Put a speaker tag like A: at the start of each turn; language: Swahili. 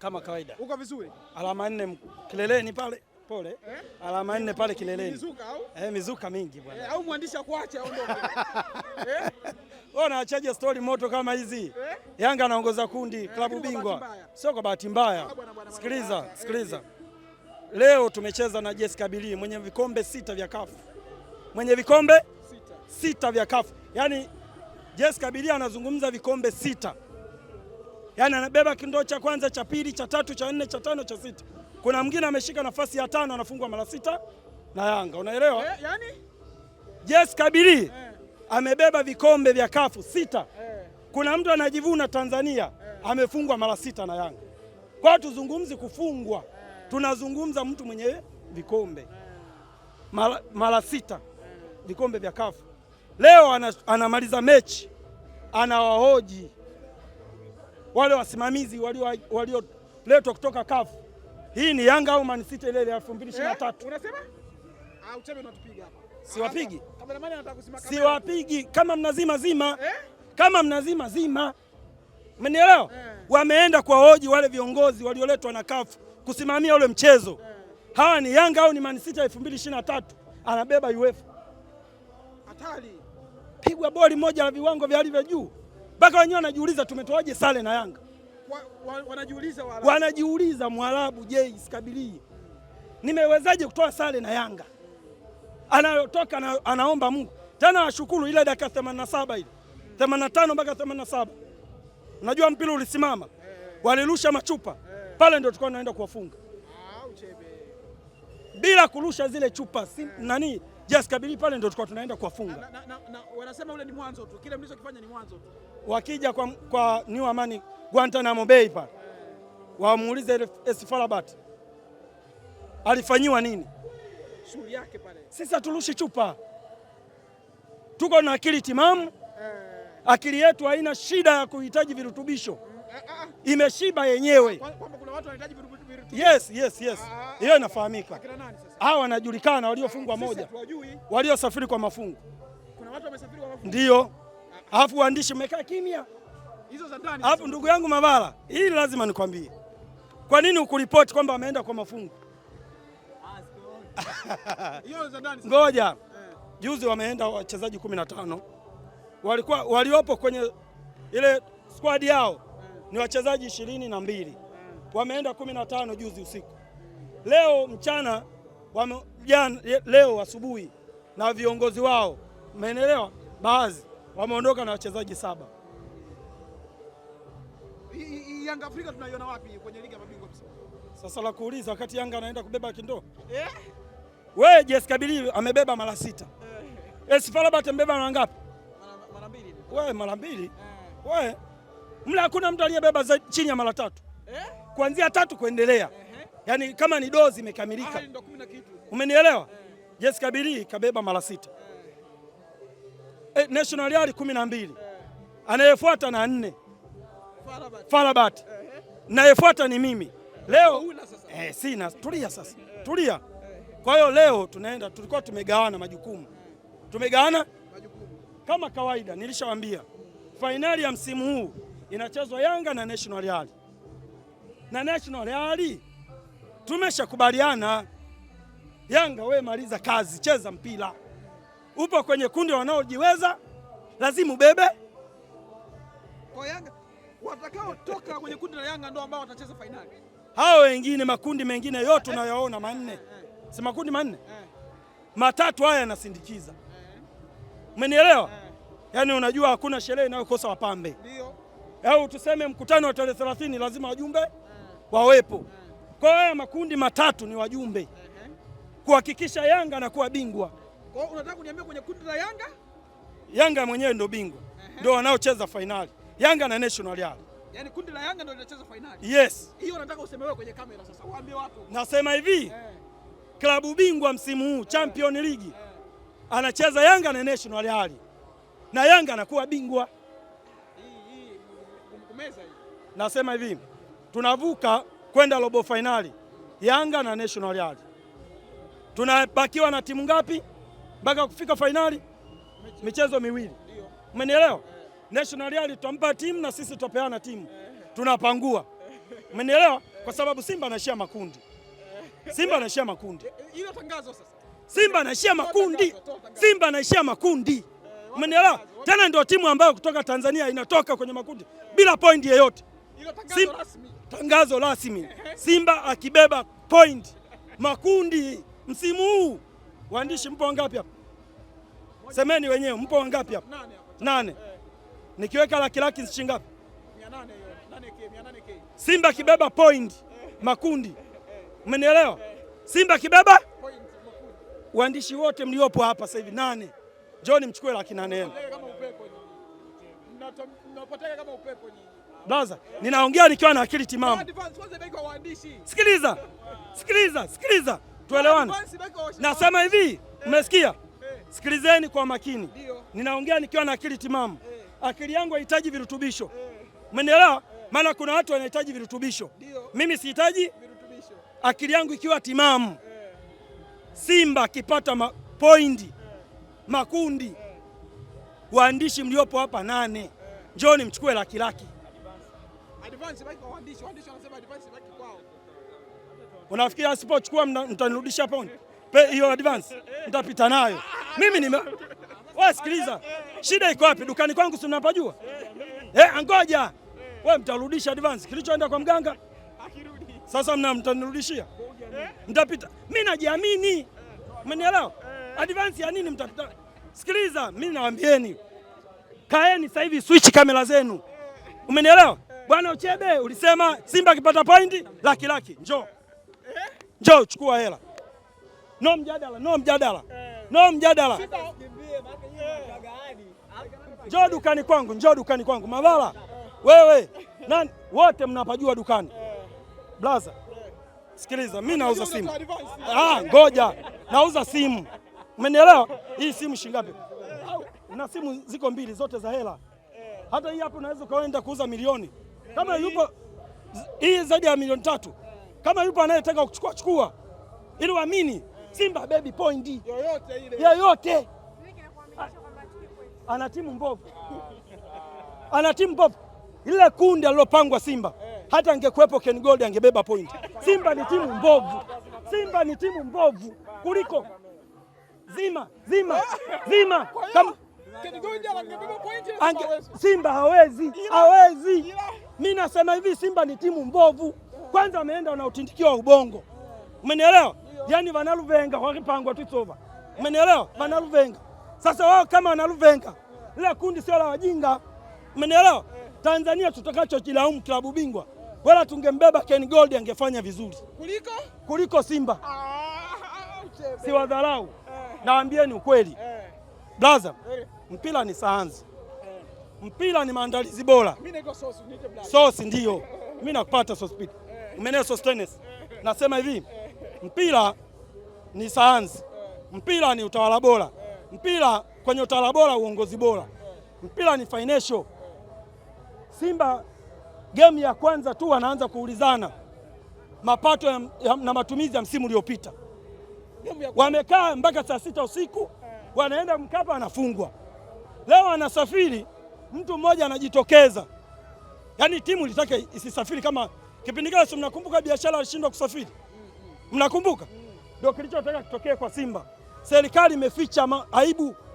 A: kama kawaida. Uko vizuri? Alama nne kileleni pale. Pole. Eh? Alama nne pale kileleni. Mizuka au? Eh, mizuka mingi
B: bwana. Eh, au mwandishi akuache aondoke.
A: Eh? Wao wanaachaje story moto kama hizi? Eh? Yanga anaongoza kundi, eh, klabu bingwa. Sio kwa bahati mbaya. Sikiliza, sikiliza. Leo tumecheza na Jessica Billy mwenye vikombe sita vya kafu. Mwenye vikombe sita, sita vya kafu. Yaani Jessica Billy anazungumza vikombe sita yaani anabeba kindoo cha kwanza, cha pili, cha tatu, cha nne, cha tano, cha sita. Kuna mwingine ameshika nafasi ya tano anafungwa mara sita na Yanga, unaelewa eh? Yani? Yes, Kabili eh, amebeba vikombe vya kafu sita eh. Kuna mtu anajivuna Tanzania eh, amefungwa mara sita na Yanga. Kwa tuzungumzi kufungwa eh, tunazungumza mtu mwenye vikombe eh, mara, mara sita eh, vikombe vya kafu. Leo anamaliza mechi anawahoji wale wasimamizi walioletwa walio kutoka CAF. Hii ni Yanga au Man City ile ya 2023? Eh,
B: unasema? Ah, uchebe unatupiga hapa. Siwapigi. Kameramani anataka kusimama
A: kamera. Siwapigi kama mnazima zima. Eh? Kama mnazima zima. Umenielewa? Eh. Wameenda kwa hoji wale viongozi walioletwa na CAF kusimamia ule mchezo. Eh. Hawa ni Yanga au ni Man City ya 2023? Anabeba UEFA. Hatari. Pigwa boli moja la viwango vya hali vya juu mpaka wenyewe wanajiuliza tumetoaje sare na Yanga
B: wa, wa, wanajiuliza Waarabu,
A: wanajiuliza Mwarabu je, Skabili nimewezaje kutoa sare na Yanga anayotoka anaomba Mungu tena washukuru ile dakika saba ile tano mpaka 87 unajua mpira ulisimama hey, ulisimama walirusha machupa hey. pale ndio tulikuwa tunaenda kuwafunga
B: ah,
A: bila kurusha zile chupa si, nani Yes, kabili pale ndio tulikuwa tunaenda kuwafunga. Na,
B: na, na, na, wanasema ule ni mwanzo tu. Kile mlichokifanya ni mwanzo tu.
A: Wakija kwa, kwa New Amani Guantanamo Bay pale. Wamuulize ile Esfarabat. Alifanyiwa nini?
B: Shughuli yake pale.
A: Sisi haturushi chupa. Tuko na akili timamu. Eh. Akili yetu haina shida ya kuhitaji virutubisho. Mm, eh, eh, Imeshiba yenyewe. Kwa,
B: kwa, kwa kuna watu wanahitaji virutubisho.
A: Yes, yes, yes. Ah, ah, ah. Hiyo inafahamika. Hawa wanajulikana waliofungwa moja, waliosafiri kwa mafungo.
B: Kuna watu wamesafiri kwa mafungo.
A: Ndio. Alafu waandishi mmekaa kimya. Hizo za ndani. Alafu ndugu yangu mavala hili lazima nikwambie. Kwa nini ukuripoti kwamba ameenda kwa mafungo? Hiyo za ndani. Ngoja. Eh. Juzi wameenda wachezaji 15. Walikuwa waliopo kwenye ile squad yao eh. ni wachezaji ishirini na mbili wameenda kumi na tano juzi usiku, leo mchana wame, jan, leo asubuhi na viongozi wao umeelewa, baadhi wameondoka na wachezaji saba.
B: Yanga Afrika tunaiona wapi kwenye ligi ya mabingwa msimu?
A: Sasa la kuuliza wakati Yanga anaenda kubeba kindoo yeah. Wewe JS Kabili amebeba mara sita yeah. AS Rabat amebeba mara ngapi? Mara mbili. Wewe mara mbili yeah. Wewe mla hakuna mtu aliyebeba chini ya mara tatu yeah kuanzia tatu kuendelea, yaani kama ni dozi imekamilika, umenielewa? Jessica Kabili kabeba mara sita, eh, National Yali kumi na mbili, anayefuata na nne Farabat, nayefuata ni mimi leo. Eh, sina tulia, sasa tulia. Kwa hiyo leo tunaenda, tulikuwa tumegawana majukumu, tumegawana kama kawaida. Nilishawambia fainali ya msimu huu inachezwa Yanga na National Yali na National Leali tumeshakubaliana, Yanga we maliza kazi, cheza mpira. Upo kwenye kundi wanaojiweza, lazima ubebe
B: kwa Yanga. Watakaotoka kwenye kundi la Yanga ndio ambao watacheza fainali.
A: Hao wengine makundi mengine yote unayoona manne, eh, eh, eh. si makundi manne matatu haya yanasindikiza, umenielewa? Yaani unajua hakuna sherehe inayokosa wapambe, au tuseme mkutano wa tarehe 30 lazima wajumbe wawepo. Kwa haya makundi matatu ni wajumbe kuhakikisha Yanga anakuwa bingwa.
B: Kwa hiyo unataka kuniambia kwenye kundi la Yanga,
A: Yanga mwenyewe ndio bingwa, ndio wanaocheza fainali Yanga na National Yanga.
B: Yaani kundi la Yanga ndio linacheza fainali. Yes. Hiyo nataka useme wewe kwenye kamera sasa. Waambie watu.
A: Nasema hivi. Eh. Klabu bingwa msimu huu eh, Champion League. Eh. Anacheza Yanga na National Yanga. Na Yanga anakuwa bingwa.
B: Hii hii kumkumeza hii.
A: Nasema hivi tunavuka kwenda robo fainali Yanga na National Yali. Tunabakiwa na timu ngapi mpaka kufika fainali? Michezo miwili, umenielewa? National Yali tutampa timu na sisi tutapeana timu, tunapangua, umenielewa? Kwa sababu Simba anaishia makundi, Simba anaishia makundi, Simba anaishia makundi, Simba anaishia makundi, umenielewa? Tena ndio timu ambayo kutoka Tanzania inatoka kwenye makundi bila pointi yeyote rasmi tangazo rasmi, Simba akibeba point makundi msimu huu. Waandishi mpo wangapi hapa? Semeni wenyewe, mpo wangapi hapa? Nane. Eh. Nikiweka laki laki shilingi ngapi?
B: Eh. Eh.
A: Simba akibeba point makundi, umenielewa? Simba akibeba waandishi wote mliopo hapa sasa hivi nane, njoni mchukue laki nane yenu. Blaza, ninaongea nikiwa na akili timamu. Sikiliza, sikiliza, sikiliza, tuelewane. Nasema hivi, mmesikia? Eh, eh. Sikilizeni kwa makini, ninaongea nikiwa na akili timamu. Eh. Akili yangu haihitaji virutubisho, umenielewa? Maana kuna watu wanahitaji virutubisho, mimi sihitaji akili yangu ikiwa timamu. Simba akipata ma pointi makundi, waandishi mliopo hapa nane, njoni mchukue laki laki
B: advance ibaki kwa waandishi, waandishi wanasema advance kwao.
A: Unafikiri asipochukua mtanirudisha pondi hiyo advance mtapita nayo? Mimi ni wewe, sikiliza, shida iko wapi? Dukani kwangu si mnapajua eh? Angoja wewe, mtarudisha advance kilichoenda kwa mganga. Sasa mna mtanirudishia, mtapita. Mimi najiamini, umenielewa? Advance ya nini mtapita? Sikiliza, mimi nawaambieni, kaeni sasa hivi, switch kamera zenu, umenielewa? Bwana Uchebe, ulisema Simba akipata pointi laki laki, njoo njoo, chukua hela. No mjadala, no mjadala, no mjadala. Njoo dukani kwangu, njoo dukani kwangu. Mavala wewe, nani wote mnapajua dukani. Blaza, sikiliza, mi nauza simu. Ah, ngoja, nauza simu, umenielewa? Hii simu shingapi? Na simu ziko mbili, zote za hela. Hata hii hapo unaweza ukaenda kuuza milioni. Kama yupo hii zaidi ya milioni tatu, kama yupo anayetaka kuchukua chukua, ili waamini Simba baby point
B: yoyote ile
A: yoyote. Ana timu mbovu, ana timu mbovu. Ile kundi alilopangwa Simba, hata angekuwepo Ken Gold angebeba point. Simba ni timu mbovu, Simba ni timu mbovu kuliko zima zima zima
B: kama Ange,
A: Simba hawezi hawezi. Mimi nasema hivi, Simba ni timu mbovu. Kwanza wameenda na wa ubongo, umenielewa? Yaani wanaluvenga wakipangwa tu sova, umenielewa? Wanaluvenga sasa, wao kama wanaluvenga, ile kundi sio la wajinga, umenielewa? Eh. Tanzania tutakachojilaumu klabu bingwa, wala tungembeba Ken Gold angefanya vizuri kuliko kuliko Simba.
B: Ah,
A: Siwadharau, eh. nawaambieni ukweli. Eh. Blaza, mpira ni sayansi, mpira ni maandalizi bora. Sosi ndiyo mi nakupata sospiti umenea sos tennis. Nasema hivi mpira ni sayansi, mpira ni utawala bora, mpira kwenye utawala bora uongozi bora, mpira ni financial. Simba game ya kwanza tu wanaanza kuulizana mapato ya, ya, na matumizi ya msimu uliopita, wamekaa mpaka saa sita usiku wanaenda Mkapa anafungwa. Leo anasafiri mtu mmoja anajitokeza, yaani timu ilitaka isisafiri kama kipindi kile. Mnakumbuka biashara alishindwa kusafiri, mnakumbuka? Ndio kilichotaka kitokee kwa Simba. Serikali imeficha aibu.